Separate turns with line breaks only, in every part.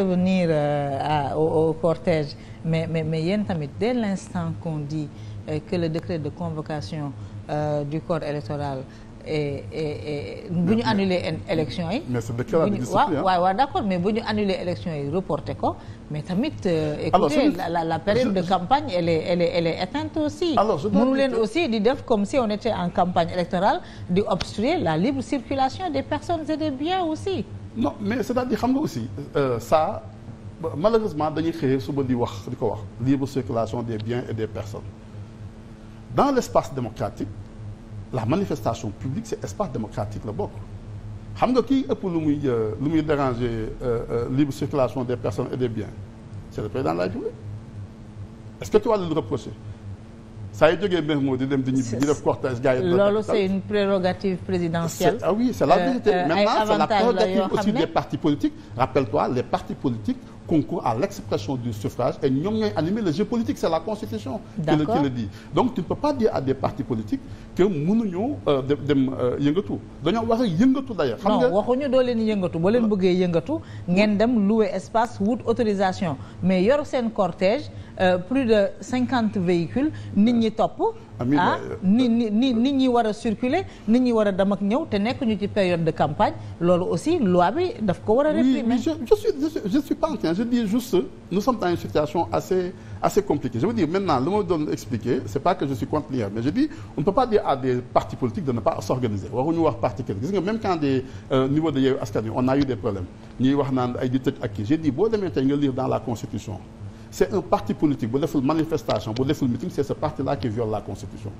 revenir euh, à au, au cortège mais mais mais yéen tamit de l'instant qu'on dit euh, que le décret de convocation euh, du corps électoral et et et bu ñu yi. mais
ce décret là waaw waaw
d'accord mais bu ñu annuler élection yi reporté ko mais tamit. alors la la période de campagne elle est elle est elle éteinte aussi. alors mënu leen aussi di def comme si on était en campagne électorale di la libre circulation des personnes et des biens aussi. non mais c'est-à-dire xam nga aussi euh, ça
malheureusement dañuy xëyee suba di wax di ko wax libre circulation des biens et des personnes dans l'espace démocratique la manifestation publique c'est espace démocratique la bokk xam nga kii ëpp lu muy euh, lu muy déranger euh, euh, libre circulation des personne et des biens c'est le président de la République est-ce que tu vas sa yu jógee Mermoz di dem di loolu c'est
une prérogative présidentielle. ah oui c'est la euh, vérité euh, maintenant c'est la prérogative aussi des
partis politiques rappelle-toi les partis politiques concourent à l'expression du suffrage et ñoom ñooy animer le jeu politique c'est la constitution. d'accord qui le dit donc tu ne peux pas dire à des partis politiques que mënuñoo euh, dem dem yëngatu
dañoo war a yëngatu d'ailleurs. xam nga non waxuñu doo leen boo ngeen dem louer espace wut autorisation mais yor seen cortège. Euh, plus de cinquante véhicules nit ñi topp ah euh, ni ni ni nit ñi war a circuler nit ñi war a dem ak ñëw te nekk ñu ci période de campagne loolu aussi loi bi daf ko war a réprimer je suis je
suis pas je dis juste nous sommes dans une situation assez compliquée je veux dire maintenant lu ma doon c'est pas que je suis contre mais je dis on ne pas dire à des partis politiques de ne pas s'organiser waruñu wax parti kenn gis nga même quand des euh, niveau de Yewwi Askan a la constitution c'est un parti politique bu deful manifestation bu deful meeting c'est ce parti-là qui viole la constitution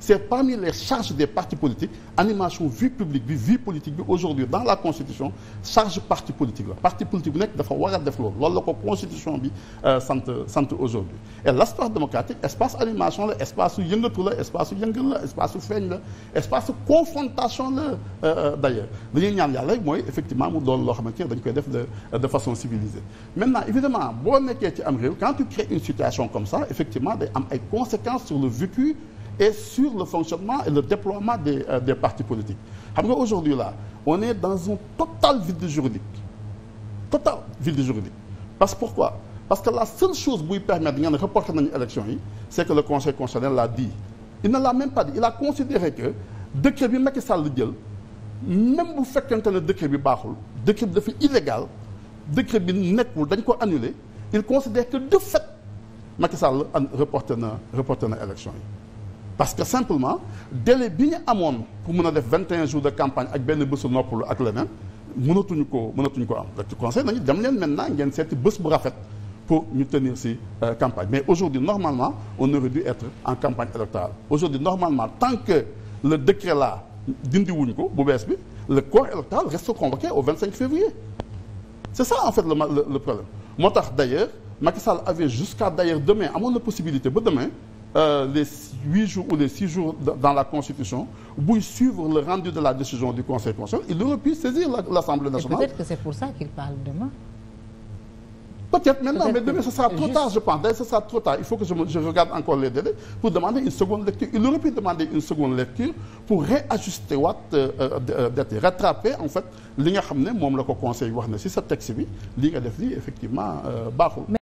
c'est parmi les charges des partis politiques animation vie publique bi vie politique bi aujourd'hui dans la constitution charge parti politique la parti politique bu nekk dafa war a def loolu loolu la ko constitution bi euh, sant sant aujourd'hui et l'espace démocratique espace animation la espace su yëngatu la espace su yëngal la espace su feeñ la espace su confrontation la euh, euh, d'ailleurs dañuy ñaan yàlla rek mooy effectivement mu doon loo xamante ne dañ koy def de façon civilisée maintenant boo nekkee ci am réew comme ça effectivement day am ay conséquences sur le vécu et sur le fonctionnement et le déploiement des, euh, des partis politiques. xam nga aujourd'hui là on est dans un total vide juridique total vide juridique parce que pourquoi parce que la seule chose buy permettre nga ne reporter nañu élection yi c'est que le conseil constitutionnel l'a dit il ne l'a même pas dit il a considéré que décret bi Macky Sall jël même bu fekkente ne décret bi baaxul décret bi dafa illégal décret bi nekkul dañ ko annulé il considère que de fait Macky Sall reporté na reporté na élection parce que simplement délai bi ñu amoon pour mën a def 21 jours de campagne ak benn bésu noppalu ak leneen mënatuñu ko mënatuñu ko am da ci conseil nañu dem leen maintenant ngeen seeti bés bu rafet pour ñu tenir ci euh, campagne mais aujourd'hui normalement on aurait dû être en campagne électorale aujourd'hui normalement tant que le décret là dindiwuñ ko bu bees bi le corps électoral reste convoqué au 25 février c'est ça en fait le problème moo tax d'ailleurs Macky Sall avait jusqu'à d'ailleurs demain na possibilité ba demain euh, les huit jours ou les six jours dans la Constitution buy suivre le rendu de la décision du Conseil constitutionnel il aurait pu saisir l'Assemblée nationale. Et peut-être
que c'est pour ça qu'il parle demain.
Peut-être maintenant, peut mais demain, ce sera trop juste... tard, je pense. D'ailleurs, ce sera trop tard. Il faut que je, regarde encore les délais pour demander une seconde lecture. Il aurait demander une seconde lecture pour réajuster waat euh, euh, date euh, rattraper en fait li nga xam ne moom la ko conseil wax ne si sa texte bi li nga def nii effectivement baaxul.